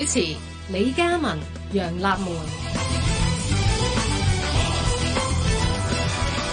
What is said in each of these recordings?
主持：李嘉文、楊立門。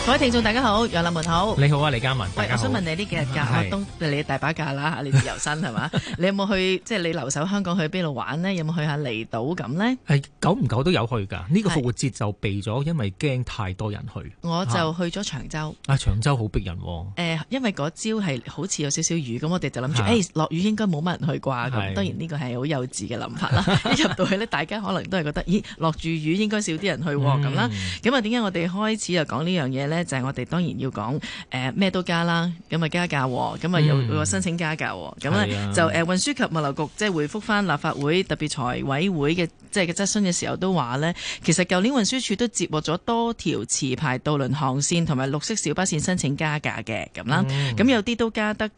各位聽眾大家好，楊立門好，你好啊李嘉文。我想問你呢幾日假？阿東，你大把假啦吓，你自由身係嘛？你有冇去即係你留守香港去邊度玩呢？有冇去下離島咁呢？係久唔久都有去㗎。呢個復活節就避咗，因為驚太多人去。我就去咗長洲。啊，長洲好逼人喎。因為嗰朝係好似有少少雨，咁我哋就諗住，誒落雨應該冇乜人去啩。係。當然呢個係好幼稚嘅諗法啦。一入到去呢，大家可能都係覺得，咦，落住雨應該少啲人去喎咁啦。咁啊，點解我哋開始就講呢樣嘢咧？咧就係我哋當然要講誒咩都加啦，咁啊加價、哦，咁啊有個申請加價、哦，咁咧、嗯、就誒運輸及物流局即係、就是、回覆翻立法會特別財委會嘅即係嘅質詢嘅時候都話呢，其實舊年運輸署都接獲咗多條持牌渡輪航線同埋綠色小巴線申請加價嘅，咁啦，咁、嗯、有啲都加得。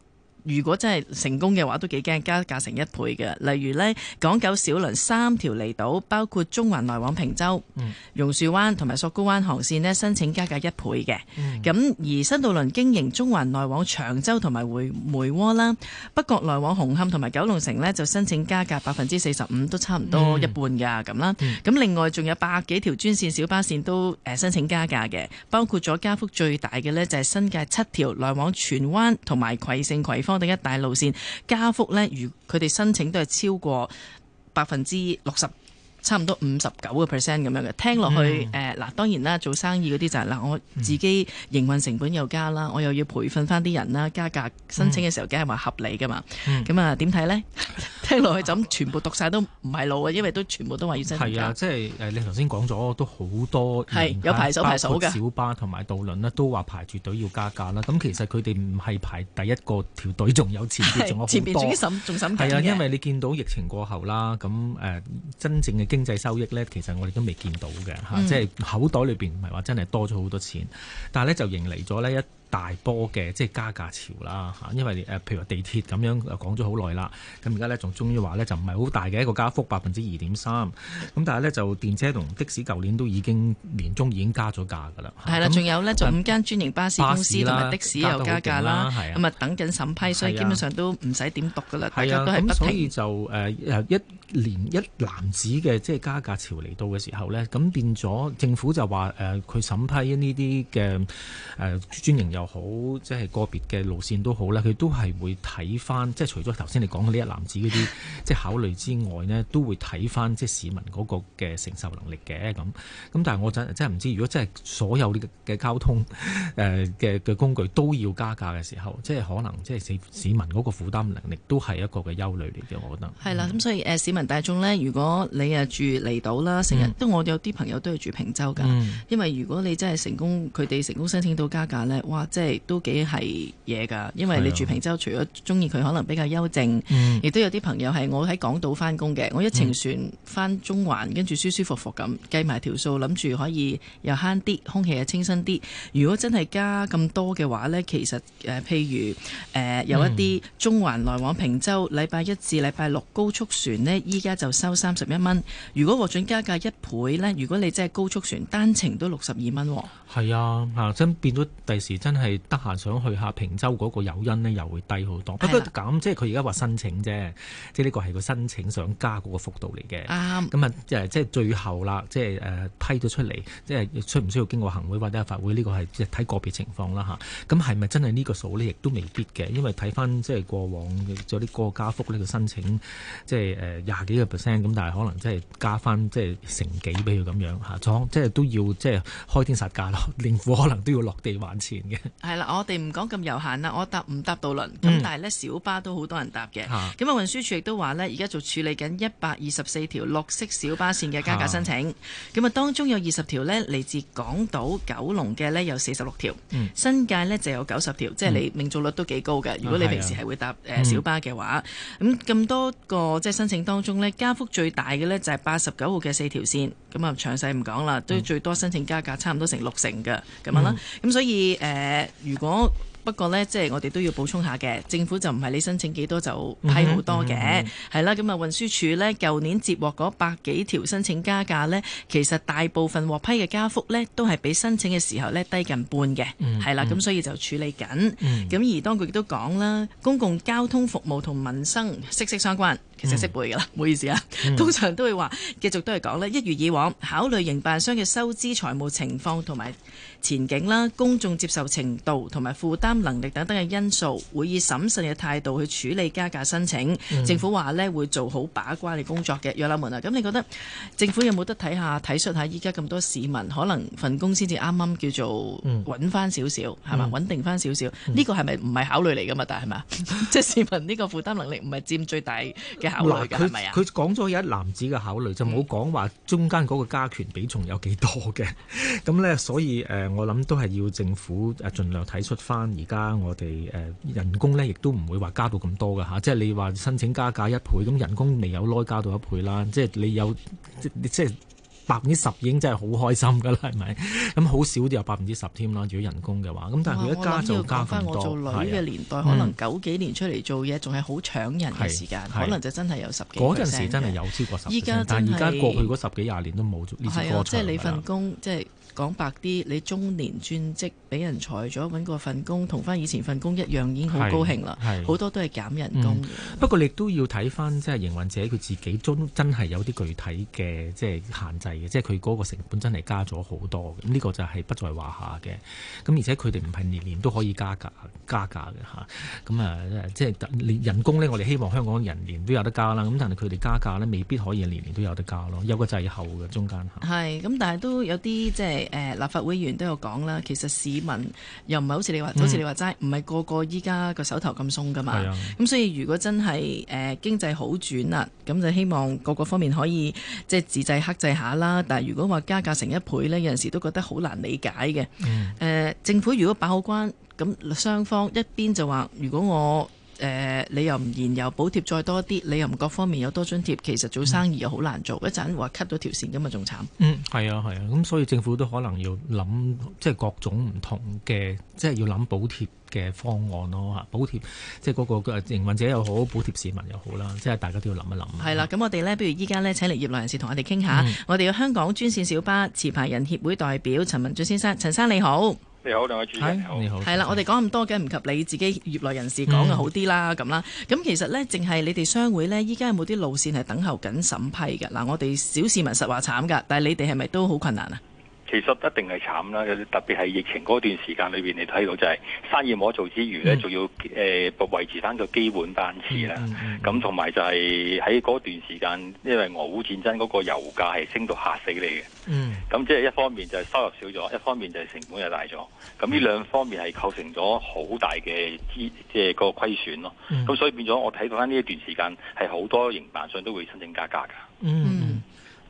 如果真係成功嘅話都幾驚加價成一倍嘅。例如咧，港九小輪三條離島包括中環來往坪洲、嗯、榕樹灣同埋索罟灣航線咧，申請加價一倍嘅。咁、嗯、而新渡輪經營中環來往長洲同埋回梅窩啦，北角來往紅磡同埋九龍城咧就申請加價百分之四十五，都差唔多一半㗎咁啦。咁另外仲有百幾條專線小巴線都誒申請加價嘅，包括咗加幅最大嘅咧就係新界七條來往荃灣同埋葵盛葵當定一大路線加幅咧，如佢哋申請都係超過百分之六十。差唔多五十九個 percent 咁樣嘅，聽落去誒嗱、嗯呃，當然啦，做生意嗰啲就係、是、嗱，我自己營運成本又加啦，嗯、我又要培訓翻啲人啦，加價申請嘅時候，梗係話合理噶嘛。咁、嗯、啊，點睇咧？ 聽落去就咁，全部讀晒都唔係路啊，因為都全部都話要申請。係、嗯、啊，即係你頭先講咗都好多係有排手排手嘅小巴同埋渡輪啦，都話排住隊要加價啦。咁其實佢哋唔係排第一個條隊，仲有前邊仲有前邊仲要審審係啊，因為你見到疫情過後啦，咁、呃、真正嘅。經濟收益咧，其實我哋都未見到嘅、嗯、即係口袋裏面，唔係話真係多咗好多錢，但係咧就迎嚟咗呢，一大波嘅即係加價潮啦嚇，因為誒譬如地鐵咁樣講咗好耐啦，咁而家咧仲終於話咧就唔係好大嘅一個加幅百分之二點三，咁但係咧就電車同的士舊年都已經年中已經加咗價㗎啦。係啦的，仲那有呢，就五間專營巴士公司同埋的士又加價加啦，咁啊的等緊審批，所以基本上都唔使點讀㗎啦，是的大家都係不。咁所以就誒誒一連一籃子嘅即係加價潮嚟到嘅時候咧，咁變咗政府就話誒佢審批呢啲嘅誒專營有。又好，即係個別嘅路線好都好啦，佢都係會睇翻，即係除咗頭先你講嘅呢一籃子嗰啲 即係考慮之外呢，都會睇翻即係市民嗰個嘅承受能力嘅咁。咁但係我真係真唔知，如果真係所有嘅交通嘅嘅、呃、工具都要加價嘅時候，即係可能即係市市民嗰個負擔能力都係一個嘅憂慮嚟嘅，我覺得。係啦的，咁、嗯、所以、呃、市民大眾呢，如果你住離島啦，成日、嗯、都我有啲朋友都係住坪洲㗎，嗯、因為如果你真係成功佢哋成功申請到加價呢。哇！即係都幾係嘢噶，因為你住坪洲，啊、除咗中意佢可能比較幽靜，亦都、嗯、有啲朋友係我喺港島翻工嘅，我一程船翻中環跟住舒舒服服咁計埋條數，諗住可以又慳啲，空氣又清新啲。如果真係加咁多嘅話咧，其實誒、呃、譬如誒、呃、有一啲中環來往坪洲，禮拜、嗯、一至禮拜六高速船咧，依家就收三十一蚊。如果獲准加價一倍咧，如果你真係高速船單程都六十二蚊。係啊，嚇真變咗第時真係。係得閒想去下坪洲嗰個誘因呢，又會低好多。不過咁即係佢而家話申請啫，即係呢個係個申請想加嗰個幅度嚟嘅。啱咁啊，即係即係最後啦，即係誒批咗出嚟，即係需唔需要經過行會或者法會呢、呢個係睇、即係、個別情況啦。咁係咪真係呢個數呢？亦都未必嘅，因為睇翻即係過往有啲過加幅呢個申請即係誒廿幾個 percent 咁，但係可能真係加翻即係成幾樣，俾佢咁樣嚇，即係都要即係開天殺價咯，政府可能都要落地還錢嘅。係啦，我哋唔講咁悠閒啦，我搭唔搭到輪？咁、嗯、但係呢，小巴都好多人搭嘅。咁啊運輸署亦都話呢，而家就處理緊一百二十四條綠色小巴線嘅加價申請。咁啊當中有二十條呢，嚟自港島九龍嘅呢，有四十六條，新界呢，就有九十條，嗯、即係你命中率都幾高嘅。嗯、如果你平時係會搭誒小巴嘅話，咁咁、嗯、多個即係申請當中呢，加幅最大嘅呢就係八十九號嘅四條線。咁啊，詳細唔講啦，都最多申請加價差唔多成六成㗎。咁樣啦。咁所以誒、呃，如果不過呢，即係我哋都要補充下嘅，政府就唔係你申請幾多就批好多嘅，係啦、嗯。咁、嗯、啊，運輸署呢，舊年接獲嗰百幾條申請加價呢，其實大部分獲批嘅加幅呢，都係比申請嘅時候呢低近半嘅，係啦、嗯哼。咁所以就處理緊。咁、嗯嗯、而當局亦都講啦，公共交通服務同民生息息相關，其實識背㗎啦，唔、嗯、哼好意思啊。嗯、哼通常都會話，繼續都係講呢，一如以往，考慮營辦商嘅收支財務情況同埋前景啦，公眾接受程度同埋負擔能力等等嘅因素，會以審慎嘅態度去處理加價申請。嗯、政府話呢會做好把關嘅工作嘅，弱喇們啊！咁你覺得政府有冇得睇下體恤下依家咁多市民可能份工先至啱啱叫做揾翻少少係嘛，穩定翻少少？呢、嗯、個係咪唔係考慮嚟㗎嘛？但係咪？即係、嗯、 市民呢個負擔能力唔係佔最大嘅考慮㗎係咪啊？佢講咗有一男子嘅考慮，就冇講話中間嗰個加權比重有幾多嘅。咁、嗯、 呢，所以誒、呃，我諗都係要政府誒盡量體恤翻。而家我哋誒、呃、人工咧，亦都唔會話加到咁多噶嚇。即係你話申請加價一倍，咁人工未有耐加到一倍啦。即、就、係、是、你有即係百分之十已經真係好開心噶啦，係咪？咁、嗯、好少都有百分之十添啦。如果人工嘅話，咁但係佢一加就加咁多。我我做女嘅年代、啊嗯、可能九幾年出嚟做嘢，仲係好搶人時間，可能就真係有十幾。嗰陣時真係有超過十幾。依家但係而家過去嗰十幾廿年都冇。係即係你份工即係。講白啲，你中年專職俾人裁咗，揾個份工同翻以前份工一樣已經好高興啦。好多都係減人工、嗯、不過你都要睇翻，即係營運者佢自己真係有啲具體嘅即係限制嘅，即係佢嗰個成本真係加咗好多，咁呢個就係不在話下嘅。咁而且佢哋唔係年年都可以加價加價嘅嚇。咁啊，即係人工呢，我哋希望香港人年都有得加啦。咁但係佢哋加價呢，未必可以年年都有得加咯，有個滯後嘅中間嚇。咁，但係都有啲即係。就是誒、呃、立法會議員都有講啦，其實市民又唔係好似你話，好似、嗯、你話齋，唔係個個依家個手頭咁鬆噶嘛。咁、嗯嗯、所以如果真係誒、呃、經濟好轉啦、啊，咁就希望個個方面可以即係自制克制下啦。但係如果話加價成一倍呢，有陣時都覺得好難理解嘅、嗯呃。政府如果把好關，咁雙方一邊就話如果我。誒、呃，你又唔燃油補貼再多啲，你又唔各方面有多津貼，其實做生意又好難做。嗯、一陣話 cut 到條線，咁啊仲慘。嗯，係啊，係啊，咁所以政府都可能要諗，即係各種唔同嘅，即係要諗補貼嘅方案咯嚇。補貼即係嗰個營運者又好，補貼市民又好啦，即係大家都要諗一諗。係啦、啊，咁我哋呢，不如依家呢，請嚟業內人士同我哋傾下。嗯、我哋嘅香港專線小巴持牌人協會代表陳文俊先生，陳生，你好。你好，兩位主持人是你好，係啦好，我哋講咁多嘅唔及你自己業內人士講嘅好啲啦，咁啦、嗯，咁其實呢，淨係你哋商會呢，依家有冇啲路線係等候緊審批嘅？嗱，我哋小市民實話慘噶，但係你哋係咪都好困難啊？其實一定係慘啦，特別係疫情嗰段時間裏邊，你睇到就係生意冇做之餘咧，仲、嗯、要誒、呃、維持翻個基本單詞啦。咁同埋就係喺嗰段時間，因為俄烏戰爭嗰個油價係升到嚇死你嘅。咁即係一方面就係收入少咗，一方面就係成本又大咗。咁呢兩方面係構成咗好大嘅資，即、就、係、是、個虧損咯。咁、嗯、所以變咗，我睇到翻呢一段時間係好多營辦商都會申請加價㗎、嗯。嗯。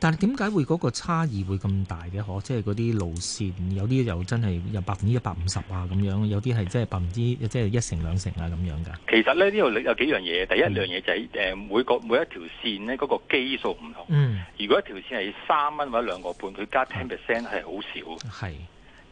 但係點解會嗰個差異會咁大嘅？可即係嗰啲路線，有啲又真係有百分之一百五十啊咁樣，有啲係真係百分之即係一成兩成啊咁樣㗎。其實咧呢度有幾樣嘢。第一是樣嘢就係、是、誒每個每一條線咧嗰個基數唔同。嗯、如果一條線係三蚊或者兩個半，佢加 ten percent 係好少。係是。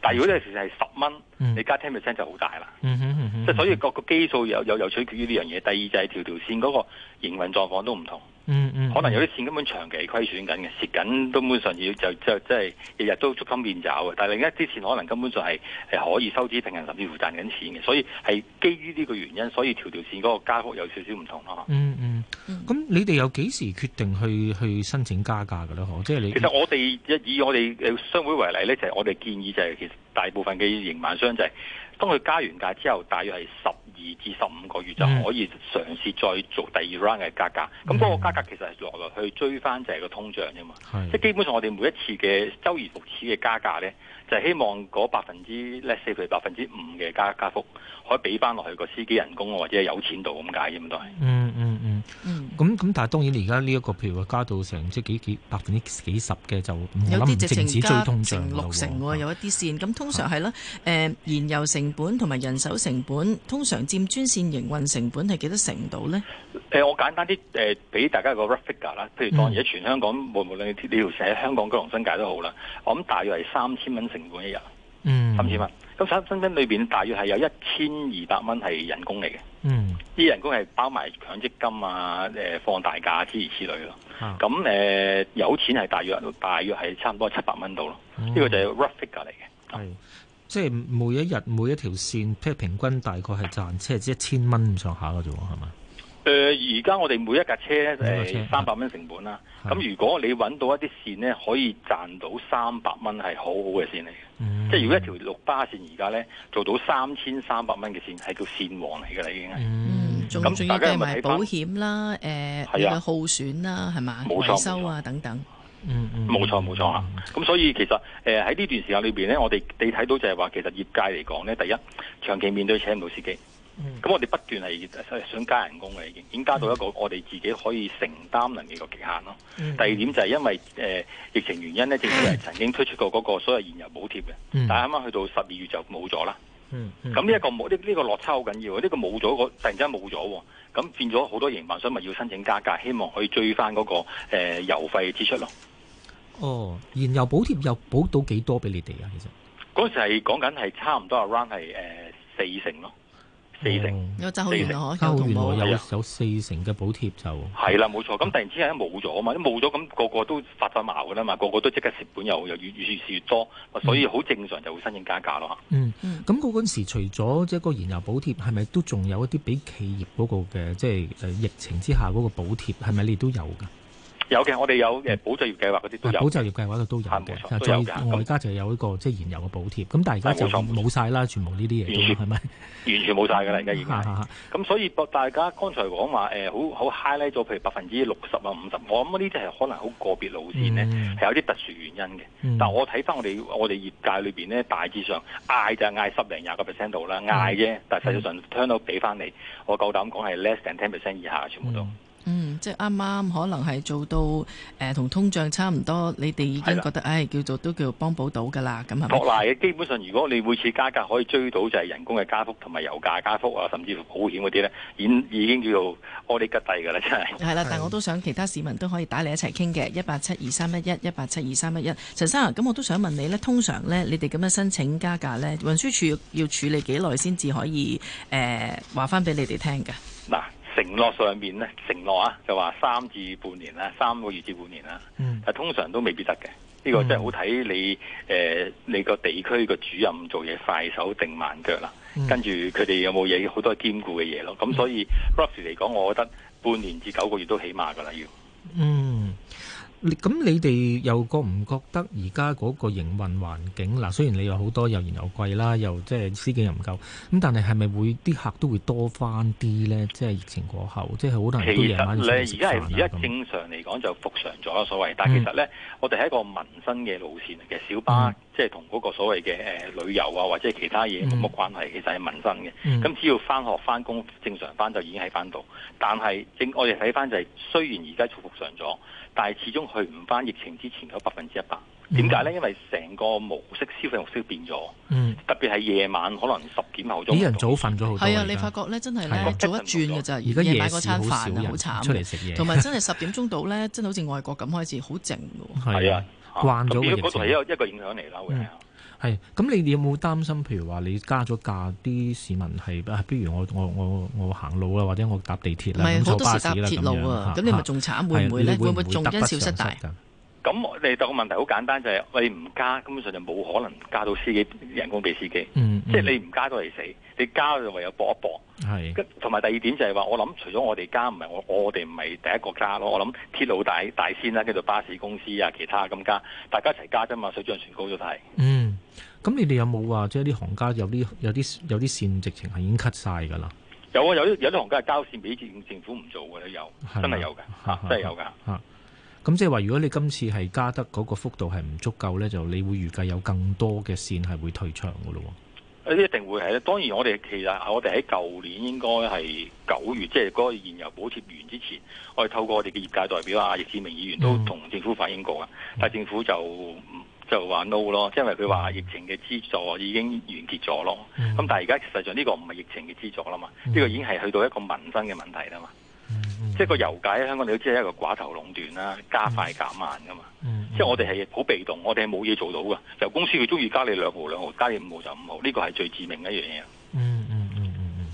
但係如果呢條線係十蚊，嗯、你加 ten percent 就好大啦。即係、嗯嗯嗯嗯、所以個個基數有有又取決於呢樣嘢。第二就係條條線嗰個營運狀況都唔同。嗯嗯，嗯嗯可能有啲線根本長期虧損緊嘅蝕緊，根本上要就就即係日日都捉襟見肘嘅。但係另一啲線可能根本上係係可以收支平衡，甚至乎賺緊錢嘅。所以係基於呢個原因，所以條條線嗰個加幅有少少唔同咯、嗯。嗯嗯，咁你哋有幾時決定去去申請加價嘅咧？即、就、係、是、你其實我哋以我哋嘅商會為例咧，就係、是、我哋建議就係、是、其實大部分嘅營辦商就係、是、當佢加完價之後大約係十。二至十五個月就可以嘗試再做第二 round 嘅價格，咁嗰個價格其實係落落去追翻就係個通脹啫嘛，是的 即係基本上我哋每一次嘅周而復始嘅加價呢，就係、是、希望嗰百分之譬如百分之五嘅加加幅，可以俾翻落去個司機人工或者係有錢度咁解啫嘛都係。嗯嗯嗯。咁咁，但係當然而家呢一個譬如話加到成即係幾幾百分之幾十嘅就，有啲直情加六成喎，有一啲線咁是通常係啦。誒是、呃，燃油成本同埋人手成本通常佔專線營運成本係幾多成度咧？誒、呃，我簡單啲誒，俾、呃、大家個 figure 啦。譬如當而家全香港，嗯、無論你條線喺香港九龍新界都好啦，我諗大約係三千蚊成本一日，嗯、三千蚊。咁新新裏邊大約係有一千二百蚊係人工嚟嘅，嗯，啲人工係包埋強積金啊，誒，放大假之如此類咯。咁誒、啊呃，有錢係大約大約係差唔多七百蚊度咯。呢、嗯、個就係 rough figure 嚟嘅，係是、嗯、即係每一日每一條線，即係平均大概係賺，即係只一千蚊咁上下嘅啫喎，係嘛？誒，而家、呃、我哋每一架車誒就係三百蚊成本啦，咁 Yeah. 如果你揾到一啲線咧，可以賺到三百蚊，係好好嘅線嚟嘅。Hmm. 即係如果一條綠巴線而家咧做到三千三百蚊嘅線，係叫線王嚟噶啦，已經。Mm hmm. 嗯，咁仲要計埋保險啦，誒、呃，係啊，耗損啦，係嘛，維修錯啊錯等等。嗯嗯錯，冇錯冇錯啊。咁所以其實誒喺呢段時間裏邊咧，我哋你睇到就係話，其實業界嚟講咧，第一長期面對請唔到司機。咁、嗯、我哋不斷係想加人工嘅，已經加到一個我哋自己可以承擔能力嘅個極限咯。嗯、第二點就係因為誒、呃、疫情原因咧，正正曾經推出過嗰個所謂燃油補貼嘅，嗯、但係啱啱去到十二月就冇咗啦。咁呢一個冇呢呢個落差好緊要，呢、這個冇咗突然間冇咗喎，咁變咗好多營辦商咪要申請加價，希望可以追翻嗰、那個、呃、油費支出咯。哦，燃油補貼又補到幾多俾你哋啊？其實嗰時係講緊係差唔多個 run 係誒四成咯。四成、哦、有就原來咯，就成原來有有，有有，有，有四成嘅補貼就係啦，冇錯。咁突然之間冇咗啊嘛，啲冇咗咁個個都發緊毛噶啦嘛，個個都即刻蝕本又又越越越蝕越，越多，所以好正常就會申請加價咯。嗯，咁嗰陣時除咗即係個燃油補貼係咪都仲有一啲俾企業嗰個嘅即係誒疫情之下嗰個補貼，係咪你都有㗎？有嘅，我哋有誒保就業計劃嗰啲都有。保就業計劃度都有。冇錯。再，我而家就有一個即係燃油嘅補貼。咁但係而家就冇晒啦，全部呢啲嘢都係咪？完全冇晒㗎啦，而家而家。咁所以博大家剛才講話誒，好好 highlight 咗，譬如百分之六十啊、五十，我諗呢啲係可能好個別路線咧，係有啲特殊原因嘅。但係我睇翻我哋我哋業界裏邊咧，大致上嗌就係嗌十零廿個 percent 度啦，嗌啫。但係實際上聽到俾翻你，我夠膽講係 less than ten percent 以下，全部都。即係啱啱可能係做到，誒、呃，同通脹差唔多。你哋已經覺得，唉的、哎，叫做都叫做幫補到噶啦，咁係咪？基本上，如果你每次加價可以追到，就係人工嘅加幅同埋油價加幅啊，甚至乎保險嗰啲咧，已經已經叫做安啲吉蒂噶啦，真係。係啦，但係我都想其他市民都可以打嚟一齊傾嘅，一八七二三一一，一八七二三一一。陳生啊，咁我都想問你咧，通常咧，你哋咁樣申請加價咧，運輸署要處理幾耐先至可以，誒、呃，話翻俾你哋聽嘅嗱。承諾上面咧，承諾啊，就話三至半年啦，三個月至半年啦，嗯、但通常都未必得嘅。呢、呢個真係好睇你、呃、你個地區個主任做嘢快手定慢腳啦，嗯、跟住佢哋有冇嘢好多兼顧嘅嘢咯。咁、嗯、所以 roughly 嚟講，我覺得半年至九個月都起碼㗎啦要。嗯。咁，你哋又覺唔覺得而家嗰個營運環境嗱？雖然你有好多又嚴又貴啦，又即係、就是、司機又唔夠，咁但係係咪會啲客都會多翻啲咧？即係疫情過後，即係好多人而家係而家正常嚟講就復常咗所謂，但係其實咧，mm. 我哋係一個民生嘅路線嘅小巴，mm. 即係同嗰個所謂嘅誒旅遊啊或者其他嘢冇乜關係，其實係民生嘅。咁、mm. 只要翻學翻工正常翻就已經喺翻度，但係正我哋睇翻就係雖然而家復常咗。但係始終去唔翻疫情之前有百分之一百，點解咧？因為成個模式消費模式變咗，嗯、特別係夜晚可能十點後鐘，啲人早瞓咗好多。係啊，啊在你發覺咧真係咧、啊、早一轉嘅咋。而家夜晚個餐飯啊 好慘，出嚟食嘢，同埋真係十點鐘到咧，真係好似外國咁開始好靜喎。係啊，慣咗疫情。係一個一個影響嚟啦，會啊、嗯。係，咁你哋有冇擔心？譬如話你加咗價，啲市民係不如我我我我行路啊，或者我搭地鐵啦，唔坐是巴士啦咁樣。咁、啊、你咪仲慘、啊、會唔會咧？會唔會仲因小失大？咁我哋到個問題好簡單，就係喂，唔加根本上就冇可能加到司機人工俾司機，嗯、即係你唔加都係死，你加就唯有搏一搏。係是。同埋第二點就係話，我諗除咗我哋加，唔係我我哋唔係第一個加咯。我諗鐵路大大先啦，叫做巴士公司啊，其他咁加，大家一齊加啫嘛，水漲船高咗都係。嗯咁你哋有冇話，即係啲行家有啲有啲有啲線直情係已經 cut 晒噶啦？有啊，有啲有啲行家係交線，俾政政府唔做嘅都有，嗎真係有嘅，啊啊啊、真係有嘅。吓、啊、咁、啊啊、即係話，如果你今次係加得嗰個幅度係唔足夠咧，就你會預計有更多嘅線係會退場嘅咯、啊。一一定會係咧。當然我哋，我哋其實我哋喺舊年應該係九月，即係嗰個燃油補貼完之前，我哋透過我哋嘅業界代表啊，易志明議員都同政府反映過噶，嗯、但係政府就。嗯就話 no 咯，因為佢話疫情嘅資助已經完結咗咯。咁、嗯、但係而家實際上呢個唔係疫情嘅資助啦嘛，呢、嗯、個已經係去到一個民生嘅問題啦嘛。即係個油價喺香港你都知係一個寡頭壟斷啦，嗯、加快減慢噶嘛。即係、嗯嗯、我哋係好被動，我哋係冇嘢做到嘅。由公司佢中意加你兩毫兩毫，加你五毫就五毫，呢、呢個係最致命嘅一樣嘢、嗯。嗯嗯嗯嗯嗯。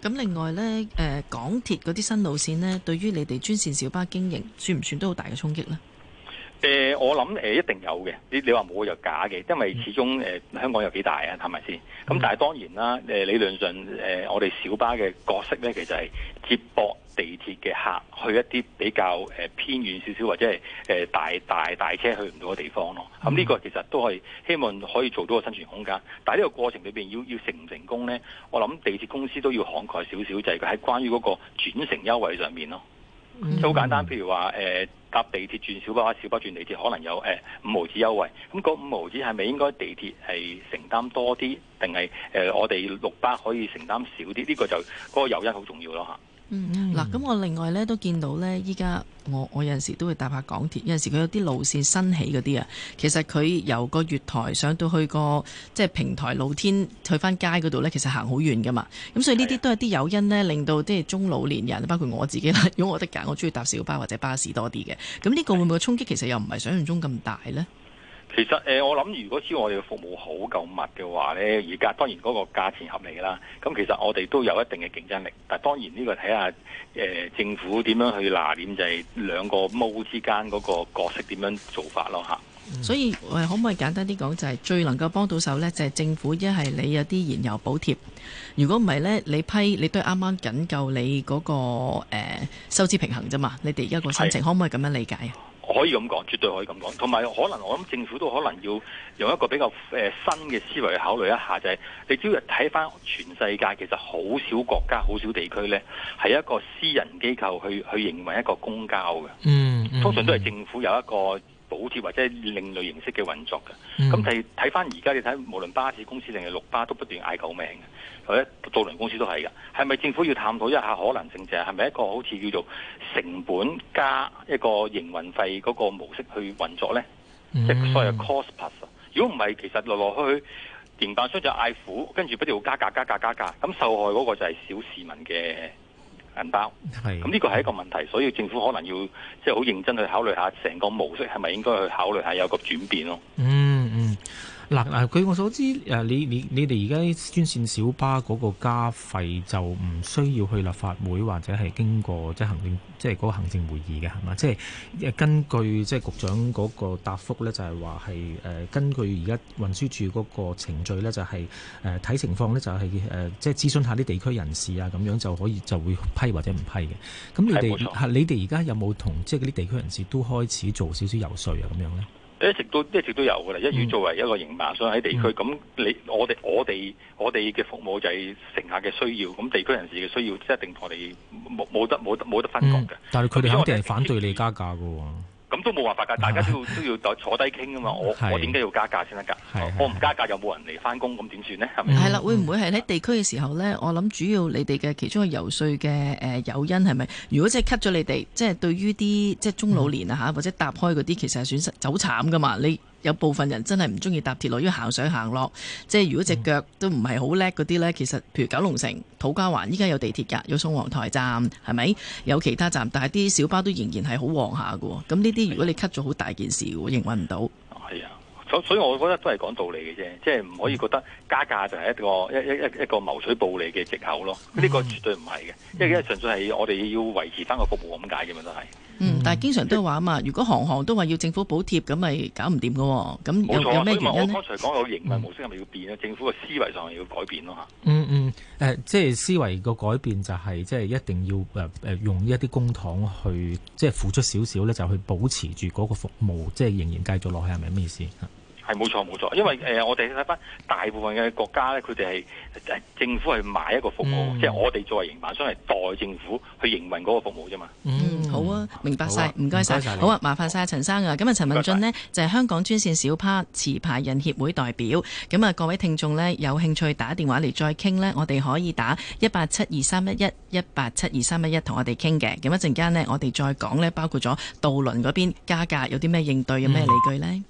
咁、嗯、另外呢，誒、呃、港鐵嗰啲新路線呢，對於你哋專線小巴經營，算唔算都好大嘅衝擊呢？誒、呃，我諗誒、呃、一定有嘅，你你話冇就假嘅，因為始終誒、呃、香港有幾大啊，係咪先？咁但係當然啦，誒、呃、理論上誒、呃、我哋小巴嘅角色咧，其實係接駁地鐵嘅客去一啲比較誒、呃、偏遠少少或者係誒、呃、大大大車去唔到嘅地方咯。咁呢、嗯、個其實都係希望可以做到個生存空間。但係呢個過程裏邊要要成唔成功咧，我諗地鐵公司都要慷慨少少，就係佢喺關於嗰個轉乘優惠上面咯。就好、嗯、簡單，譬如話誒搭地鐵轉小巴，小巴轉地鐵可能有誒、呃、五毫紙優惠。咁、那、嗰、個、五毫紙係咪應該地鐵係承擔多啲，定係誒我哋六巴可以承擔少啲？呢、這個就嗰、那個誘因好重要咯嚇。嗯，嗱、mm，咁、hmm. 啊、我另外咧都見到咧，依家我我有陣時都會搭下港鐵，有陣時佢有啲路線新起嗰啲啊，其實佢由個月台上到去個即係平台露天去翻街嗰度咧，其實行好遠噶嘛，咁所以呢啲都係啲誘因呢，令到即係中老年人，包括我自己啦，如果我得揀，我中意搭小巴或者巴士多啲嘅，咁呢個會唔會個衝擊其實又唔係想像中咁大呢？其實誒、呃，我諗如果知我哋嘅服務好夠密嘅話呢而家當然嗰個價錢合理啦。咁其實我哋都有一定嘅競爭力，但係當然呢個睇下誒政府點樣去拿捏就係、是、兩個毛之間嗰個角色點樣做法咯吓，嗯、所以誒，可唔可以簡單啲講，就係、是、最能夠幫到手呢，就係、是、政府一係你有啲燃油補貼，如果唔係呢，你批你都啱啱僅夠你嗰、那個、呃、收支平衡啫嘛。你哋一個申請，是可唔可以咁樣理解？可以咁講，絕對可以咁講。同埋可能我諗政府都可能要用一個比較、呃、新嘅思維去考慮一下，就係、是、你只要睇翻全世界，其實好少國家、好少地區呢，係一個私人機構去去營運一個公交嘅。嗯，通常都係政府有一個。補貼或者另類形式嘅運作嘅，咁係睇翻而家你睇，無論巴士公司定係綠巴都不斷嗌救命嘅，或者造輪渡輪公司都係噶，係咪政府要探討一下可能性、就是？就係係咪一個好似叫做成本加一個營運費嗰個模式去運作咧？嗯、即係所謂 cost plus 如果唔係，其實來來去去營辦商就嗌苦，跟住不停加價加價加價，咁受害嗰個就係小市民嘅。銀包，咁呢個係一個問題，所以政府可能要即係好認真去考慮下，成個模式係咪應該去考慮下有個轉變咯。嗯。嗯嗯。嗱嗱，據我所知，誒你你你哋而家專線小巴嗰個加費就唔需要去立法會或者係經過即係行政即係嗰個行政會議嘅，係嘛？即係根據即係局長嗰個答覆咧，就係話係誒根據而家運輸署嗰個程序咧，就係誒睇情況咧，就係誒即係諮詢下啲地區人士啊，咁樣就可以就會批或者唔批嘅。咁你哋冇錯你哋而家有冇同即係嗰啲地區人士都開始做少少游説啊？咁樣咧？一直都一直都有嘅啦，一於作為一個營辦商喺地區，咁、嗯嗯、你我哋我哋我哋嘅服務就係乘客嘅需要，咁地區人士嘅需要，即一定同你冇冇得冇得冇得分割嘅、嗯。但係佢哋肯定係反對你加價嘅喎。咁都冇辦法㗎，大家都 都要坐低傾啊嘛。我我點解要加價先得㗎？我唔加價，又冇人嚟翻工，咁點算呢？係咪係啦？會唔會係喺地區嘅時候呢？我諗主要你哋嘅其中嘅遊說嘅誒誘因係咪？如果真係 cut 咗你哋，即係對於啲即係中老年啊吓，或者搭開嗰啲，其實係損失走慘噶嘛？你有部分人真係唔中意搭鐵路，因為行上行落，即係如果隻腳都唔係好叻嗰啲呢？其實譬如九龍城、土瓜灣依家有地鐵噶，有宋皇臺站係咪？有其他站，但係啲小巴都仍然係好旺下噶。咁呢啲如果你 cut 咗好大件事，的我營運唔到。係啊。所所以，我覺得都係講道理嘅啫，即係唔可以覺得加價就係一個一一一一個謀取暴利嘅藉口咯。呢、這個絕對唔係嘅，嗯、因為純粹係我哋要維持翻個服務咁解嘅嘛，都係。嗯，但係經常都話啊嘛，如果行行都話要政府補貼，咁咪搞唔掂噶。咁有有咩原因咧？我剛才講個營運模式係咪要變啊？政府嘅思維上要改變咯嚇。嗯嗯，誒，即係思維個改變就係、是、即係一定要誒誒、呃、用一啲公帑去即係付出少少咧，就去保持住嗰個服務，即係仍然繼續落去，係咪咩意思？係冇錯冇錯，因為誒、呃，我哋睇翻大部分嘅國家咧，佢哋係政府係買一個服務，嗯、即係我哋作為營辦商嚟代政府去營運嗰個服務啫嘛。嗯，好啊，明白晒，唔該晒。謝謝好啊，麻煩晒，陳生啊，咁啊，陳文俊呢，謝謝就係香港專線小巴持牌人協會代表。咁啊，各位聽眾呢，有興趣打電話嚟再傾呢，我哋可以打 31, 一八七二三一一一八七二三一一同我哋傾嘅。咁一陣間呢，我哋再講呢，包括咗渡輪嗰邊加價有啲咩應對，有咩、嗯、理據呢？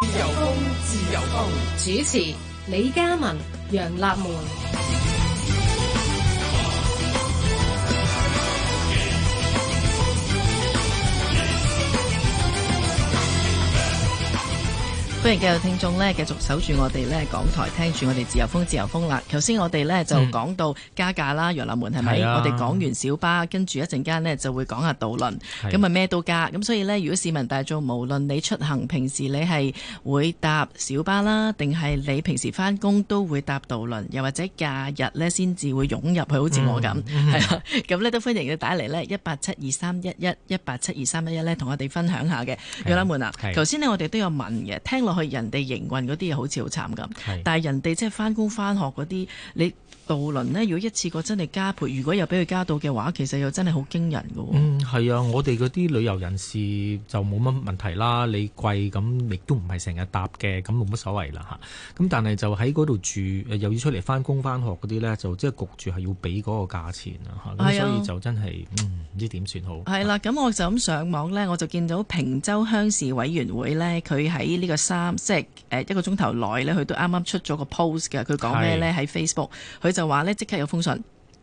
自由風，自由風。主持：李嘉文、楊立梅。歡迎繼續聽眾呢繼續守住我哋呢港台，聽住我哋自由風、自由風啦。頭先我哋呢就講到加價啦，楊立 門係咪？是是啊，我哋講完小巴，跟住，一陣間呢就會講下渡輪，咁啊咩都加。咁所以呢，如果市民大眾，無論你出行平時你係會搭小巴啦，定係你平時翻工，都會搭渡輪，又或者假日呢先至會湧入去，好似我咁，係啦。咁呢都歡迎你打嚟，呢一八七二三一一一八七二三一一呢，同我哋分享下嘅。楊立門啊。頭先、啊、呢、啊、我哋都有問嘅，聽落。去人哋營運嗰啲嘢好似好慘咁，但係人哋即係翻工翻學嗰啲你。渡輪呢，如果一次過真係加倍，如果又俾佢加到嘅話，其實又真係好驚人嘅、哦。嗯，係啊，我哋嗰啲旅遊人士就冇乜問題啦。你貴咁亦都唔係成日搭嘅，咁冇乜所謂啦嚇。咁、啊、但係就喺嗰度住，又要出嚟返工返學嗰啲呢，就即係焗住係要俾嗰個價錢啊嚇。啊啊所以就真係唔、嗯、知點算好。係啦、啊，咁我就咁上網呢，我就見到坪洲鄉事委員會呢，佢喺呢個三即係、就是、一個鐘頭內剛剛呢，佢都啱啱出咗個 post 嘅。佢講咩呢？喺 Facebook，佢就。就話呢，即刻有封信，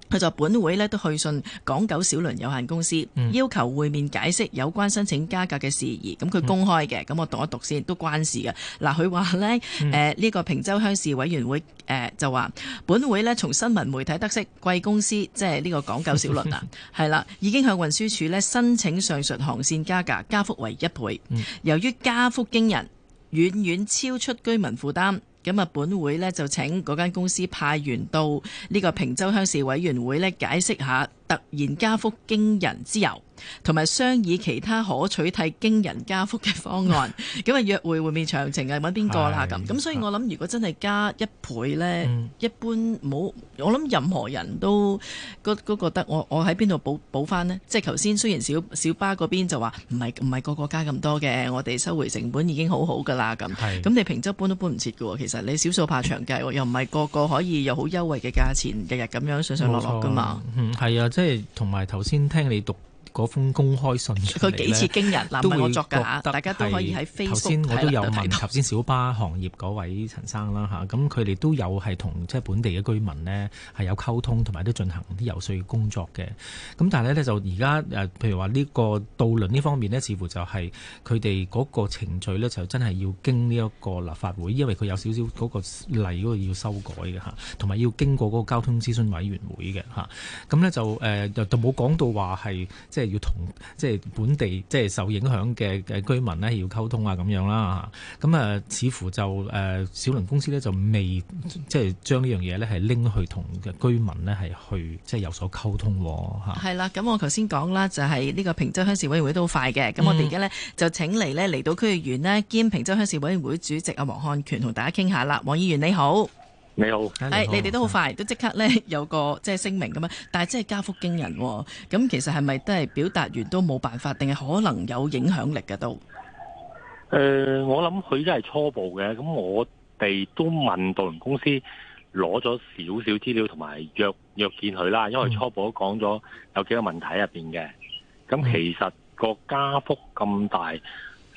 佢就本會呢，都去信港九小輪有限公司，嗯、要求會面解釋有關申請加價嘅事宜。咁佢、嗯、公開嘅，咁我讀一讀先，都關事嘅。嗱、啊，佢話呢，誒呢、嗯呃呢個坪洲鄉事委員會誒、呃、就話，本會呢，從新聞媒體得悉貴公司即係呢個港九小輪啊，係啦， 已經向運輸署呢申請上述航線加價，加幅為一倍。嗯、由於加幅驚人，遠遠超出居民負擔。咁啊，本會咧就請嗰間公司派員到呢個坪洲鄉事委員會咧解釋下突然加幅驚人之由。同埋，相以商議其他可取替、驚人加幅嘅方案，咁啊 約會會面詳情係揾邊個啦？咁咁，的所以我諗，如果真係加一倍呢，嗯、一般冇我諗，任何人都都覺得我，我我喺邊度補返翻呢？即係頭先，就是、剛才雖然小小巴嗰邊就話唔係唔係個個加咁多嘅，我哋收回成本已經好好噶啦咁。咁的你坪洲搬都搬唔切嘅喎，其實你少數怕長計， 又唔係個個可以有好優惠嘅價錢，日日咁樣上上落落㗎嘛。係啊、嗯，即係同埋頭先聽你讀。嗰封公開信佢出，大家都可以。頭先我都有問，頭先小巴行業嗰位陳生啦，咁佢哋都有係同，即係本地嘅居民呢係有溝通，同埋都進行啲遊說工作嘅。咁但係咧就而家譬如話呢個渡輪呢方面呢，似乎就係佢哋嗰個程序呢，就真係要經呢一個立法會，因為佢有少少嗰個例嗰個要修改嘅吓，同埋要經過嗰個交通諮詢委員會嘅吓咁呢，就誒就冇講到話係即係。要同即係本地即係受影響嘅嘅居民呢，要溝通啊，咁樣啦。咁啊，似乎就誒，小輪公司呢，就未即係將呢樣嘢呢，係拎去同嘅居民呢，係去即係有所溝通吓。係啦，咁我頭先講啦，就係呢個坪洲鄉事委員會都快嘅。咁、嗯、我哋而家呢，就請嚟呢，嚟到區議員呢，兼坪洲鄉事委員會主席阿黃漢權同大家傾下啦。黃議員你好。你好，係、hey, 你哋都好快，都即刻咧有個即係聲明咁樣，但係真係加幅驚人，咁其實係咪都係表達完都冇辦法，定係可能有影響力嘅都？誒、呃，我諗佢都係初步嘅，咁我哋都問渡輪公司攞咗少少資料，同埋約約見佢啦。因為初步都講咗有幾個問題入邊嘅，咁其實個加幅咁大，誒、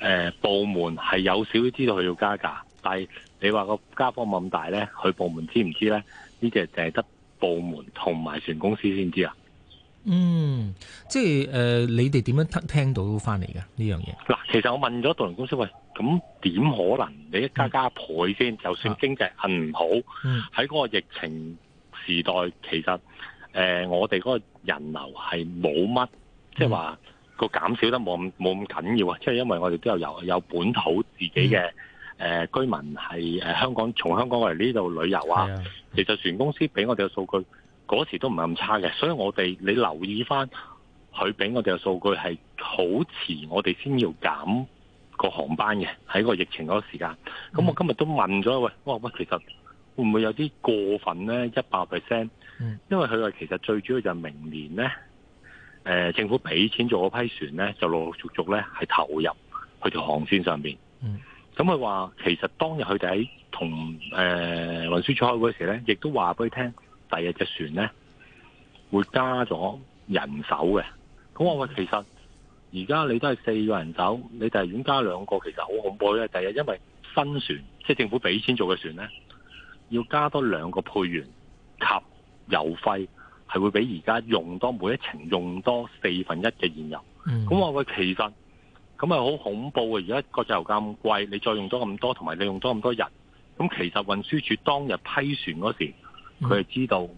呃、部門係有少少知道佢要加價。但係你話個加幅冇咁大咧，佢部門知唔知咧？呢只淨係得部門同埋船公司先知啊。嗯，即係誒、呃，你哋點樣聽聽到翻嚟㗎呢樣嘢？嗱，其實我問咗渡輪公司喂，咁點可能你加加倍先，嗯、就算經濟係唔好，喺嗰、啊嗯、個疫情時代，其實誒、呃，我哋嗰個人流係冇乜，即係話個減少得冇咁冇咁緊要啊。即、就、係、是、因為我哋都有有本土自己嘅。嗯誒居民係誒香港從香港過嚟呢度旅遊啊！其實船公司俾我哋嘅數據嗰時都唔係咁差嘅，所以我哋你留意翻佢俾我哋嘅數據係好遲，我哋先要減個航班嘅喺個疫情嗰個時間。咁我今日都問咗喂，我話喂，其實會唔會有啲過分咧？一百 percent，因為佢話其實最主要就係明年咧，誒政府俾錢做嗰批船咧，就陸陸續續咧係投入去條航線上面。」咁佢話，其實當日佢哋喺同誒運輸署開會時咧，亦都話俾佢聽，第二隻船咧會加咗人手嘅。咁我話其實，而家你都係四個人手，你就係遠加兩個，其實好恐怖咧。第二，因為新船即係、就是、政府俾錢做嘅船咧，要加多兩個配員及油費，係會比而家用多每一程用多四分一嘅燃油。咁我話其實。咁啊，好恐怖啊！而家國際油價咁貴，你再用咗咁多，同埋你用咗咁多日，咁其實運輸署當日批船嗰時，佢係知道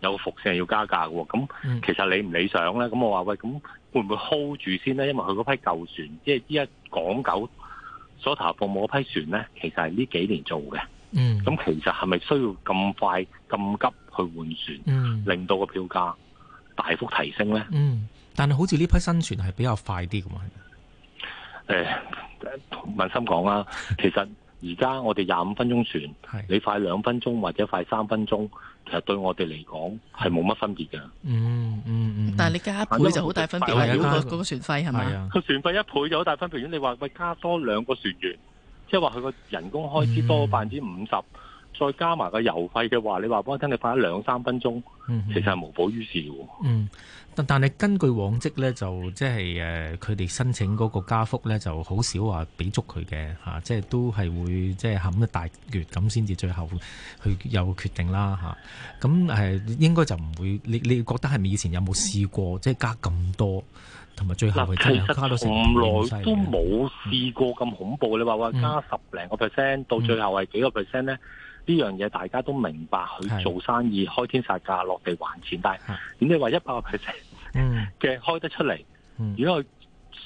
有個伏線要加價嘅喎。咁、嗯嗯、其實理唔理想咧？咁我話喂，咁會唔會 hold 住先咧？因為佢嗰批舊船，即係依家港九所投放嗰批船咧，其實係呢幾年做嘅。嗯，咁其實係咪需要咁快咁急去換船，令到個票價大幅提升咧？嗯，但係好似呢批新船係比較快啲咁嘛。誒，問、哎、心講啦，其實而家我哋廿五分鐘船，你快兩分鐘或者快三分鐘，其實對我哋嚟講係冇乜分別嘅、嗯。嗯嗯嗯，嗯但係你加倍、啊、一倍就好大分別啦。如果嗰個個船費係咪？個船費一倍就好大分別。如果你話喂，加多兩個船員，即係話佢個人工開支多百分之五十。嗯再加埋個油費嘅話，你話幫緊你快一兩三分鐘，嗯、哼其實係無補於事嘅。嗯，但但係根據往績咧，就即係誒，佢哋申請嗰個加幅咧，就好少話俾足佢嘅嚇，即係都係會即係冚一大月咁先至最後去有決定啦嚇。咁、啊、誒、嗯嗯、應該就唔會，你你覺得係咪以前有冇試過、嗯、即係加咁多，同埋最後係加到成咁耐都冇試過咁恐怖。嗯、你話話加十零個 percent、嗯、到最後係幾個 percent 咧？呢嗯呢樣嘢大家都明白，佢做生意開天殺價，落地還錢，但係點你話一百個 percent 嘅開得出嚟，嗯嗯、如果佢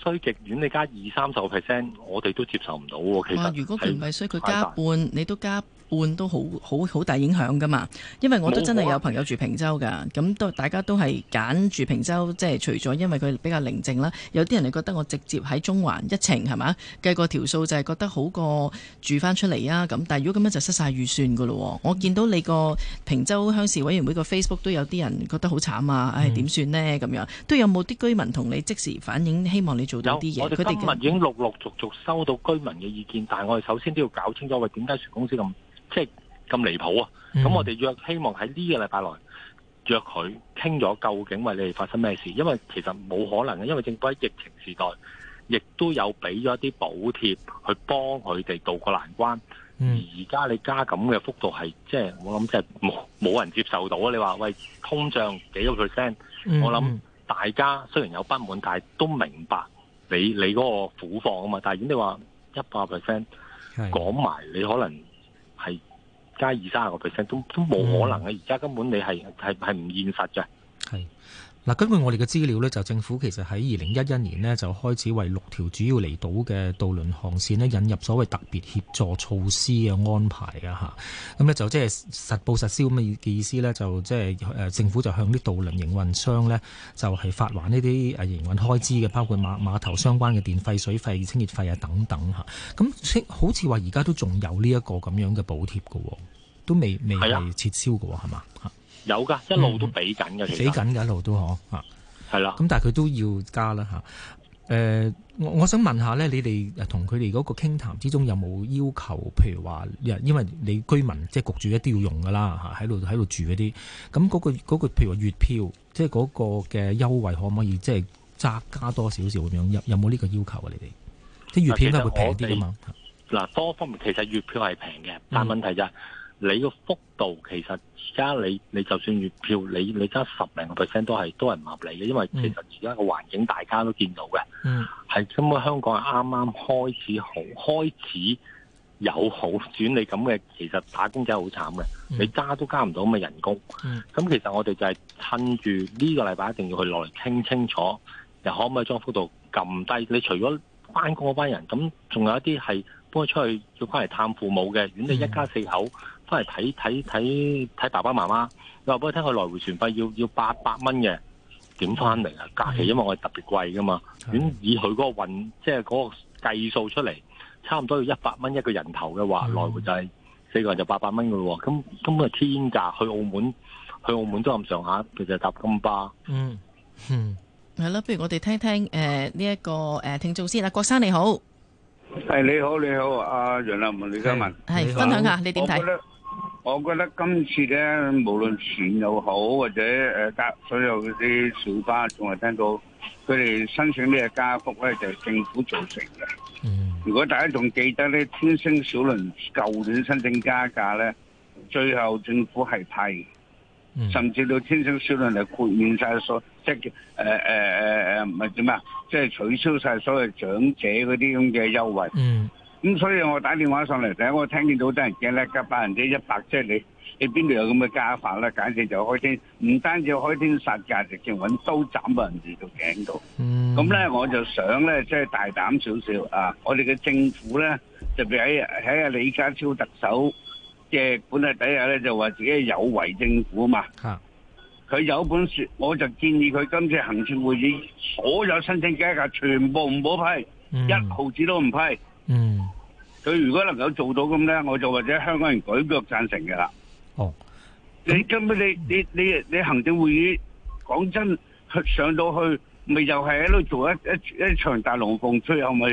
衰極遠，你加二三十個 percent，我哋都接受唔到喎。其實，如果佢唔係衰，佢加半，你都加。半都好好好大影響噶嘛，因為我都真係有朋友住坪洲噶，咁、啊、都大家都係揀住坪洲，即、就、係、是、除咗因為佢比較寧靜啦，有啲人係覺得我直接喺中環一程係嘛，計過條數就係覺得好過住翻出嚟啊，咁但係如果咁樣就失晒預算噶咯。嗯、我見到你個坪洲鄉事委員會個 Facebook 都有啲人覺得好慘啊，唉點算呢？咁樣、嗯、都有冇啲居民同你即時反映，希望你做到啲嘢？有，我哋居民已經陸陸續續收到居民嘅意見，但係我哋首先都要搞清楚，喂點解船公司咁？即係咁離譜啊！咁我哋約希望喺呢個禮拜內約佢傾咗究竟為你哋發生咩事？因為其實冇可能嘅，因為正喺疫情時代，亦都有俾咗一啲補貼去幫佢哋渡過難關，嗯、而而家你加咁嘅幅度係即係我諗即係冇冇人接受到啊！你話喂通脹幾多 percent？、嗯、我諗大家雖然有不滿，但係都明白你你嗰個苦況啊嘛。但係如果你話一百 percent 講埋你可能？.係加二三十個 percent 都都冇可能嘅，而家根本你係係係唔現實嘅。係。嗱，根據我哋嘅資料呢就政府其實喺二零一一年呢，就開始為六條主要離島嘅渡輪航線呢引入所謂特別協助措施嘅安排啊吓，咁呢，就即係實報實銷咁嘅意思呢，就即係政府就向啲渡輪營運商呢，就係發還呢啲誒營運開支嘅，包括碼碼頭相關嘅電費、水費、清潔費啊等等吓。咁好似話而家都仲有呢一個咁樣嘅補貼喎，都未未係撤銷喎，係嘛的？有噶，一路都俾緊嘅，俾緊嘅一路都可啊，係啦的。咁、嗯、但係佢都要加啦吓。誒、啊，我我想問下咧，你哋同佢哋嗰個傾談之中有冇要求？譬如話，因為你居民即係焗住一定要用噶啦吓，喺度喺度住嗰啲，咁、那、嗰個嗰、那個譬如話月票，即係嗰個嘅優惠可唔可以即係加加多少少咁樣？有有冇呢個要求啊？你哋即係月票咧會平啲㗎嘛？嗱，多方面其實月票係平嘅，但問題就。你個幅度其實而家你你就算月票，你你加十零個 percent 都係都係唔合理嘅，因為其實而家個環境大家都見到嘅，係今個香港係啱啱開始好開始有好轉，你咁嘅其實打工仔好慘嘅，mm. 你加都加唔到咁嘅人工。咁、mm. 其實我哋就係趁住呢個禮拜一定要去落嚟傾清楚，又可唔可以將幅度撳低。你除咗返工嗰班人，咁仲有一啲係搬佢出去要返嚟探父母嘅，如你一家四口。Mm. 都係睇睇睇睇爸爸媽媽，你話俾我聽，佢來回船費要要八百蚊嘅，點翻嚟啊？假期因為我係特別貴噶嘛，咁以佢嗰個運即係嗰個計數出嚟，差唔多要一百蚊一個人頭嘅話，的來回就制、係、四個人就八百蚊噶咯喎。咁咁啊天價去澳門，去澳門都咁上下，其實搭金巴。嗯，係、嗯、啦， 不如我哋聽聽誒呢一個誒、呃、聽眾先啊，郭生你好。係你好，你好，阿楊立文李生文。係分享下你點睇？我覺得今次咧，無論船又好或者誒加、呃、所有嗰啲小巴，仲係聽到佢哋申請呢個加幅咧，就係、是、政府造成嘅。嗯、如果大家仲記得咧，天星小輪舊年申請加價咧，最後政府係批，嗯、甚至到天星小輪嚟豁免晒。所即係叫誒誒誒誒，唔係點啊？即、呃、係、呃就是、取消晒所謂長者嗰啲咁嘅優惠。嗯咁、嗯、所以我打電話上嚟，第一我聽見到好多人驚咧，加百分之一百，即係你你邊度有咁嘅加法咧？簡直就開天，唔單止開天殺價，直情揾刀斬人哋個頸度。咁咧、嗯、我就想咧，即係大膽少少啊！我哋嘅政府咧，特別喺喺李家超特首嘅管治底下咧，就話自己有為政府啊嘛。佢、啊、有本事，我就建議佢今次行政會議所有申請加價，全部唔好批，嗯、一毫子都唔批。嗯，佢如果能夠做到咁咧，我就或者香港人舉腳贊成嘅啦。哦，嗯、你根本你你你你行政會議講真，上到去咪又係喺度做一一一場大龍鳳，最後咪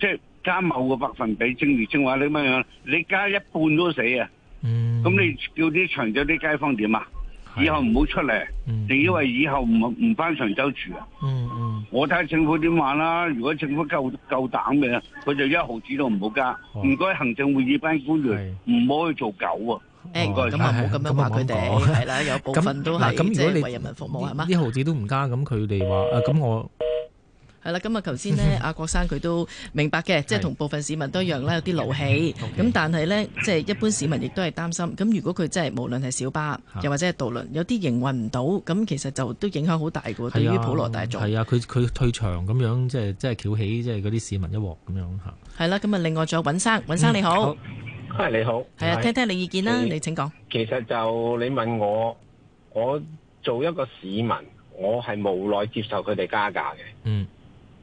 即係加某個百分比，正如正話你咁樣？你加一半都死啊！嗯，咁你叫啲長者啲街坊點啊？以後唔好出嚟，仲以為以後唔唔翻長洲住啊？我睇下政府點話啦。如果政府夠夠膽嘅，佢就一毫子都唔好加。唔該，行政會議班官員唔好去做狗啊！唔該，咁啊唔好咁樣話佢哋。係啦，有部分都係如果你為人民服務係嘛？啊、一毫子都唔加，咁佢哋話誒，咁、啊、我。係啦，咁啊，頭先咧，阿郭生佢都明白嘅， 即係同部分市民都一樣啦，有啲勞氣。咁 但係咧，即係 一般市民亦都係擔心。咁如果佢真係無論係小巴，又或者係渡輪，有啲營運唔到，咁其實就都影響好大嘅。的對於普羅大眾，係啊，佢佢退場咁樣，即係即係翹起，即係嗰啲市民一鑊咁樣吓。係啦，咁啊，另外仲有尹生，尹生你好，嗨你、嗯、好，係啊，聽聽你意見啦，你，你請講。其實就你問我，我做一個市民，我係無奈接受佢哋加價嘅，嗯。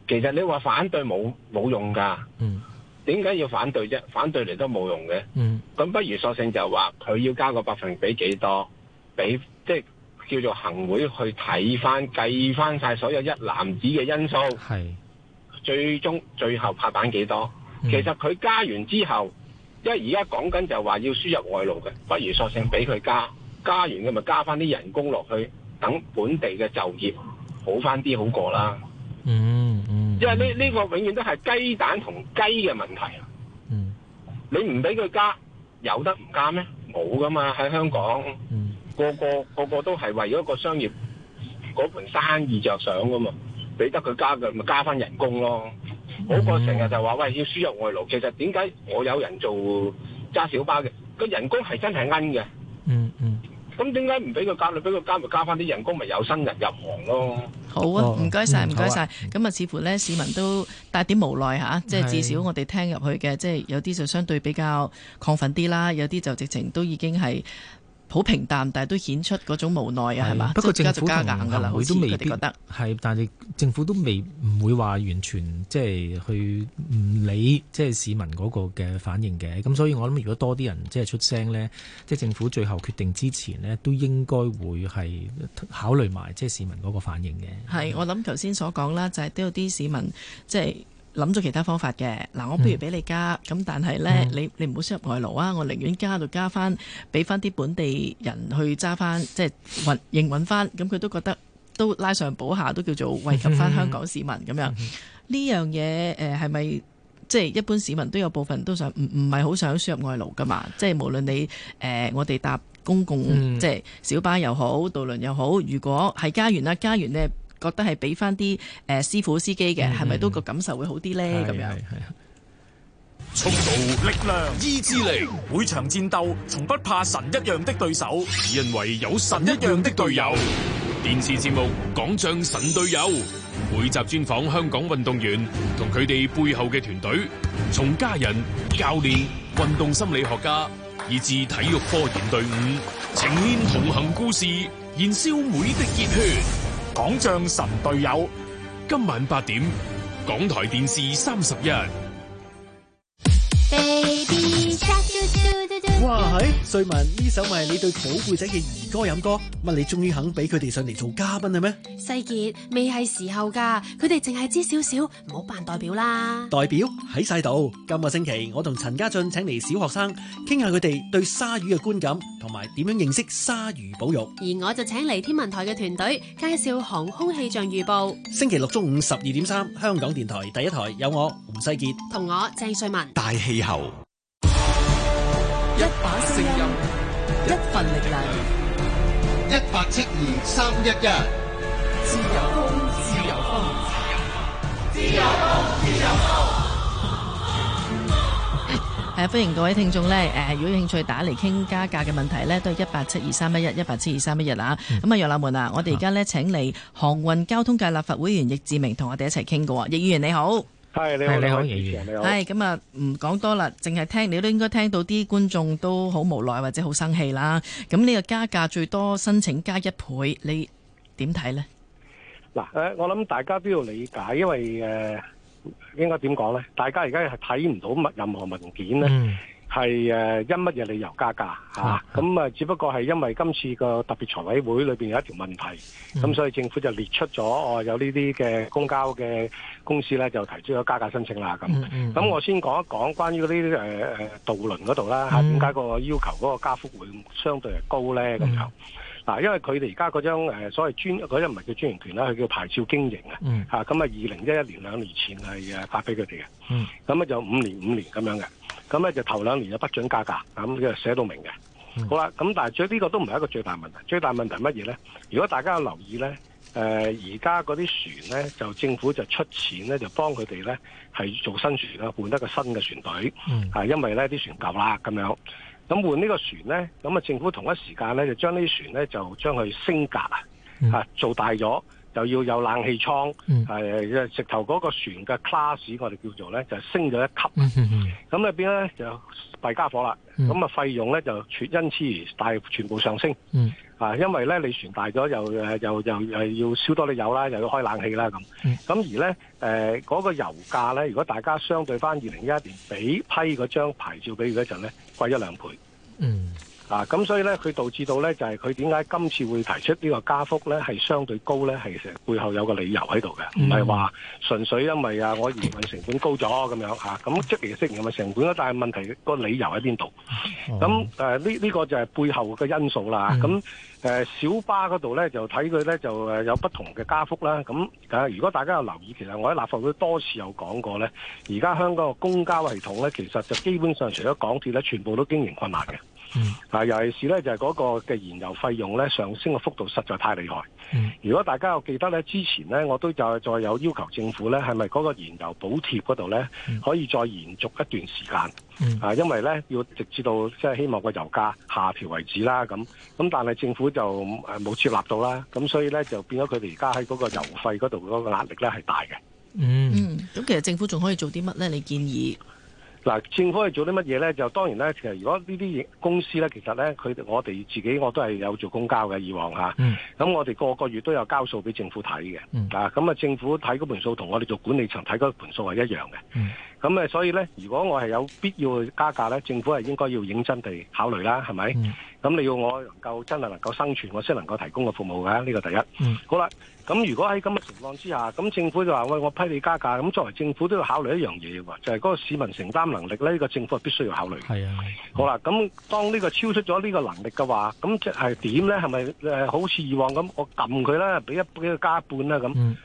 其實你話反對冇冇用㗎？嗯，點解要反對啫？反對嚟都冇用嘅。嗯，咁不如索性就話佢要加個百分比幾多？俾，即叫做行會去睇翻、計翻晒所有一攬子嘅因素。係，最終最後拍板幾多？嗯，其實佢加完之後，因為而家講緊就話要輸入外勞嘅，不如索性俾佢加，加完嘅咪加翻啲人工落去，等本地嘅就業好翻啲，好過啦。嗯，因為呢呢個永遠都係雞蛋同雞嘅問題啦。嗯，嗯，你唔俾佢加，有得唔加咩？冇噶嘛，喺香港，嗯、個個個個都係為咗個商業嗰盤生意着想噶嘛。俾得佢加嘅，咪加翻人工咯。嗰、嗰個成日就話喂要輸入外勞，其實點解我有人做揸小巴嘅？個人工係真係奀嘅。嗯嗯。咁點解唔俾個加價，俾個加價加翻啲人工，咪有新人入行咯？好啊，唔該晒，唔該晒。咁啊，似乎呢，市民都帶啲無奈嚇、啊， 即係至少我哋聽入去嘅，即係有啲就相對比較亢奮啲啦，有啲就直情都已經係。好平淡，但係都顯出嗰種無奈啊，係嘛的？吧不過政府就加硬㗎喇。佢都未必覺得係，但係政府都未唔會話完全即係去唔理即係市民嗰個嘅反應嘅。咁所以我諗，如果多啲人即係出聲咧，即係政府最後決定之前咧，都應該會係考慮埋即係市民嗰個反應嘅。係的，的我諗頭先所講啦，就係、是、都有啲市民即係。諗咗其他方法嘅嗱，我不如俾你加咁，嗯、但係呢，嗯、你你唔好輸入外勞啊！我寧願加就加翻，俾翻啲本地人去揸翻，即係運營運翻，咁佢都覺得都拉上補下，都叫做惠及翻香港市民咁、嗯、樣。呢、嗯、樣嘢誒係咪即係一般市民都有部分都想唔唔係好想輸入外勞㗎嘛？即、就、係、是、無論你誒、呃、我哋搭公共即係、嗯、小巴又好，渡輪又好，如果係加完啦，加完呢。覺得係俾翻啲誒師傅司機嘅，係咪、嗯、都個感受會好啲呢？咁樣。速度、 力量、意志力，每場戰鬥從不怕神一樣的對手，因為有神一樣的隊友。隊友電視節目港將神隊友，每集專訪香港運動員同佢哋背後嘅團隊，從家人、教練、運動心理學家，以至體育科研隊伍，呈現同行故事，燃燒每滴熱血。港將神隊友，今晚八點，港台電視三十一。哇！係瑞文，呢首咪你對寶貝仔嘅兒歌飲歌，乜你終於肯俾佢哋上嚟做嘉賓啦咩？世杰未係時候噶，佢哋淨係知少少，唔好扮代表啦。代表喺晒度，今個星期我同陳家俊請嚟小學生，傾下佢哋對鯊魚嘅觀感，同埋點樣認識鯊魚保育。而我就請嚟天文台嘅團隊介紹航空氣象預報。星期六中午十二點三，香港電台第一台有我吳世杰同我鄭瑞文大氣候。一份力量一八七二三一一。自由風，自由風，自由風，自由風。誒、 啊，歡迎各位聽眾呢誒、呃，如果有興趣打嚟傾加價嘅問題呢都係一八七二三一一一八七二三一一啊。咁啊、嗯，楊立門啊，cycling, 我哋而家呢請嚟航運交通界立法會議員易志明同我哋一齊傾嘅。易議員你好。係，你好，你好，你好。係咁啊，唔講多啦，淨係聽你都應該聽到啲觀眾都好無奈或者好生氣啦。咁呢個加價最多申請加一倍，你點睇呢？嗱，誒，我諗大家都要理解，因為誒，應該點講呢？大家而家係睇唔到乜任何文件呢。係誒，是因乜嘢理由加價吓？咁、嗯、啊，只不過係因為今次個特別財委會裏邊有一條問題，咁、嗯、所以政府就列出咗、哦、有呢啲嘅公交嘅公司咧，就提出咗加價申請啦。咁，咁、嗯嗯、我先講一講關於嗰啲誒誒渡輪嗰度啦吓，點解個要求嗰個加幅會相對係高咧？咁樣嗱，因為佢哋而家嗰張誒所謂專嗰張唔係叫專營權啦，佢叫牌照經營啊吓。咁、嗯、啊，二零一一年兩年前係誒發俾佢哋嘅，咁咧、嗯、就五年五年咁樣嘅。咁咧就頭兩年就不准加價，咁佢就寫到明嘅。嗯、好啦，咁但係最呢個都唔係一個最大問題，最大問題係乜嘢咧？如果大家有留意咧，誒而家嗰啲船咧就政府就出錢咧就幫佢哋咧係做新船啦，換一個新嘅船隊，啊、嗯，因為咧啲船舊啦咁樣，咁換呢個船咧，咁啊政府同一時間咧就將呢啲船咧就將佢升格、嗯、啊，做大咗。就要有冷氣艙，係、嗯呃、直頭嗰個船嘅 class，我哋叫做咧就升咗一級。咁入邊咧就弊家伙啦，咁啊、嗯、費用咧就因此而大，全部上升。嗯、啊，因為咧你船大咗，又誒又又又要燒多啲油啦，又要開冷氣啦咁。咁、嗯、而咧嗰、呃嗰個油價咧，如果大家相對翻二零一一年俾批嗰張牌照俾嗰陣咧，貴一兩倍。嗯啊，咁所以咧，佢導致到咧，就係佢點解今次會提出呢個加幅咧，係相對高咧，係成背後有個理由喺度嘅，唔係話純粹因為啊，我營運成本高咗咁樣咁、啊、即其雖移民咪成本咯，但係問題個理由喺邊度？咁誒呢？呢個就係背後嘅因素啦。咁誒小巴嗰度咧，就睇佢咧就有不同嘅加幅啦。咁、啊、如果大家有留意，其實我喺立法會多次有講過咧，而家香港嘅公交系統咧，其實就基本上除咗港鐵咧，全部都經營困難嘅。嗯，啊，尤其是咧，就係、是、嗰個嘅燃油費用咧上升嘅幅度實在太厲害。嗯、如果大家又記得咧，之前咧，我都就再有要求政府咧，係咪嗰個燃油補貼嗰度咧，嗯、可以再延續一段時間？嗯、啊，因為咧要直至到即係、就是、希望個油價下調為止啦，咁咁，但係政府就誒冇設立到啦，咁所以咧就變咗佢哋而家喺嗰個油費嗰度嗰個壓力咧係大嘅。嗯，咁其實政府仲可以做啲乜咧？你建議？嗱，政府係做啲乜嘢咧？就當然咧，其實如果呢啲公司咧，其實咧佢我哋自己我都係有做公交嘅以往下，咁我哋個個月都有交數俾政府睇嘅，啊，咁啊政府睇嗰盤數同我哋做管理層睇嗰盤數係一樣嘅。Mm. 咁所以咧，如果我係有必要去加價咧，政府係應該要認真地考慮啦，係咪？咁、嗯、你要我能夠真係能夠生存，我先能夠提供個服務㗎。呢、這個第一。嗯、好啦，咁如果喺咁嘅情況之下，咁政府就話：喂，我批你加價。咁作為政府都要考慮一樣嘢喎，就係、是、嗰個市民承擔能力咧。呢、這個政府係必須要考慮。係啊。嗯、好啦，咁當呢個超出咗呢個能力嘅話，咁即係點咧？係咪、呃、好似以往咁，我撳佢啦，俾一俾佢加一半啦咁。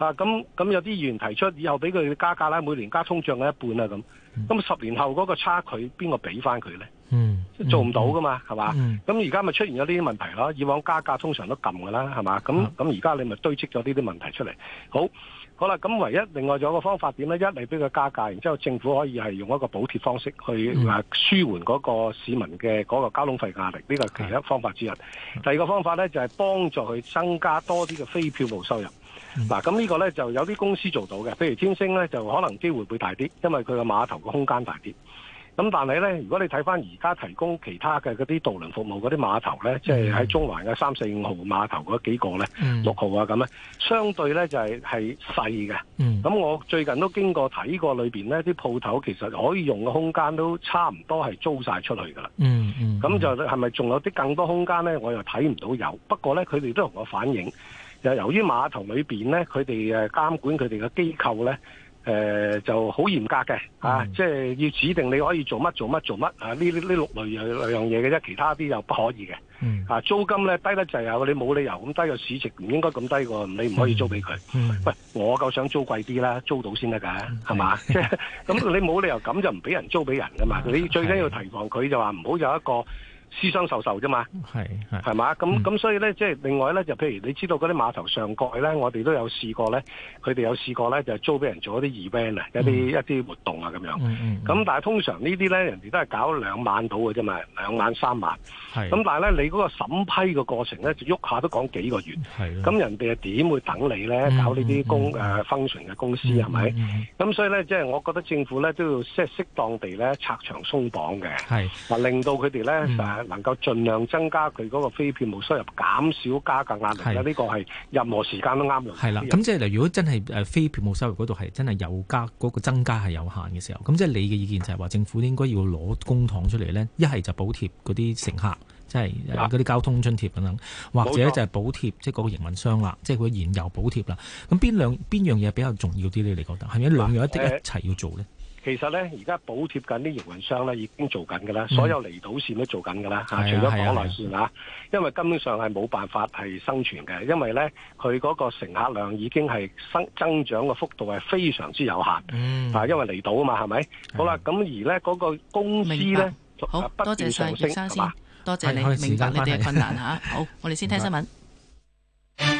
啊，咁咁有啲議員提出以後俾佢加價啦，每年加通脹嘅一半啦，咁咁、嗯、十年後嗰個差距邊個俾翻佢咧？嗯，做唔到噶嘛，係嘛、嗯？咁而家咪出現咗呢啲問題咯。以往加價通常都撳噶啦，係嘛？咁咁而家你咪堆積咗呢啲問題出嚟。好，好啦，咁唯一另外仲有個方法點咧？一嚟俾佢加價，然之後政府可以係用一個補貼方式去、嗯、啊舒緩嗰個市民嘅嗰個交通費壓力，呢個、嗯、係其他方法之一。嗯、第二個方法咧就係、是、幫助佢增加多啲嘅非票務收入。嗱，咁、嗯、呢個咧就有啲公司做到嘅，譬如天星咧就可能機會會大啲，因為佢個碼頭個空間大啲。咁但係咧，如果你睇翻而家提供其他嘅嗰啲渡輪服務嗰啲碼頭咧，嗯、即係喺中環嘅三四五號碼頭嗰幾個咧，六、嗯、號啊咁啊，相對咧就係係細嘅。咁、嗯、我最近都經過睇過裡，裏面呢啲鋪頭其實可以用嘅空間都差唔多係租晒出去㗎啦。咁、嗯嗯、就係咪仲有啲更多空間咧？我又睇唔到有。不過咧，佢哋都同我反映。就由於碼頭裏面咧，佢哋誒監管佢哋嘅機構咧，誒、呃、就好嚴格嘅、嗯、啊即係、就是、要指定你可以做乜做乜做乜啊！呢呢六類兩樣樣嘢嘅啫，其他啲又不可以嘅。嗯、啊，租金咧低得滯啊！你冇理由咁低個市值唔應該咁低㗎，你唔可以租俾佢。嗯嗯、喂，我夠想租貴啲啦，租到先得㗎，係嘛？即係咁你冇理由咁就唔俾人租俾人㗎嘛？你最緊要提防佢就話唔好有一個，私相授受啫嘛，係係嘛咁咁，所以咧即係另外咧，就譬如你知道嗰啲碼頭上蓋咧，我哋都有試過咧，佢哋有試過咧，就租俾人做一啲 event 啊，一啲一啲活動啊咁樣。咁但係通常呢啲咧，人哋都係搞兩晚到嘅啫嘛，兩晚三晚。咁，但係咧你嗰個審批嘅過程咧，就喐下都講幾個月。咁，人哋係點會等你咧？搞呢啲公 function 嘅公司係咪？咁所以咧，即係我覺得政府咧都要即係適當地咧拆牆鬆綁嘅。係話令到佢哋咧能夠盡量增加佢嗰個非票務收入，減少加價壓力咧，呢個係任何時間都啱用。係啦，咁即係嗱，如果真係誒非票務收入嗰度係真係有加嗰、嗰個增加係有限嘅時候，咁即係你嘅意見就係話政府應該要攞公帑出嚟咧，一係就補貼嗰啲乘客，即係嗰啲交通津貼等等，或者就係補貼即係嗰個營運商啦，即係佢燃油補貼啦。咁邊兩邊樣嘢比較重要啲咧？你覺得係咪兩樣一定一齊要做咧？其實咧，而家補貼緊啲營運商咧，已經做緊噶啦，所有離島線都做緊噶啦，吓，除咗港內線吓，因為根本上係冇辦法係生存嘅，因為咧佢嗰個乘客量已經係增增長嘅幅度係非常之有限，啊，因為離島啊嘛，係咪？好啦，咁而咧嗰個公司咧，好多謝晒易生先，多謝你明白你哋嘅困難吓，好，我哋先聽新聞。